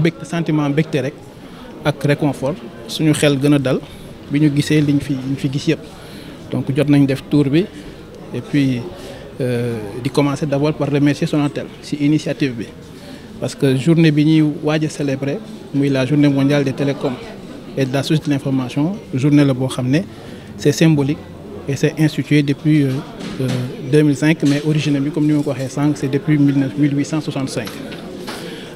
mbégte sentiment mbégte rek ak réconfort suñu xel gën a dal bi ñu gisee liñ fi liñ fi gis yëpp donc jot nañ def tour bi et puis euh, di commencer d'abord par remercier Sonatel ci initiative bi parce que journée bi ñuy waaj a célébrer muy la journée mondiale des télécoms et de la société de l'information journée la boo xam ne c'est symbolique et c'est institué depuis euh, 2005 euh, mais origine bi comme ni ma ko waxee sànq c'est depuis 1865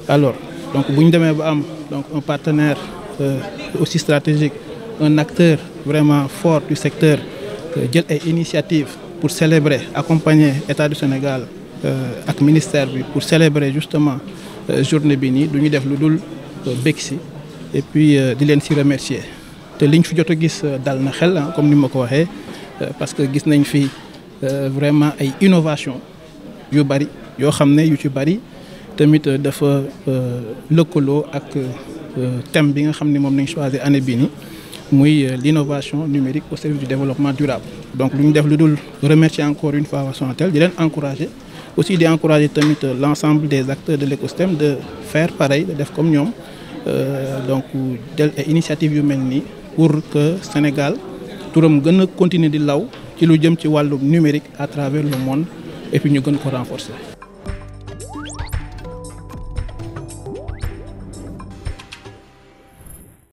alors donc bu ñu demee ba am donc un partenaire euh, aussi stratégique un acteur vraiment fort du secteur euh, jël ay initiative pour célébrer accompagner État du Sénégal ak ministère bi pour célébrer justement journée bi nii du ñu def lu dul bég si et puis di leen si remercier te liñ fi jot a gis dal na xel comme ni ma ko waxee parce que gis nañ fi. Euh, vraiment ay innovation yu bari yoo xam ne yu ci bari tamit euh, dafa euh, lëkkaloo ak thème bi nga xam ni moom lañ choisir année bii ni muy l'innovation numérique au service du développement durable. donc lu ñu def lu dul remercier encore une fois waa Sonatel di leen encourager aussi di encourager tamit l'ensemble des acteurs de l'écosystème de faire pareil def comme ñoom donc jël ay yu mel nii pour Sénégal. turam gën a continuer di law ci lu jëm ci wàllu numérique à travers le monde et ñu gën ko renforcer.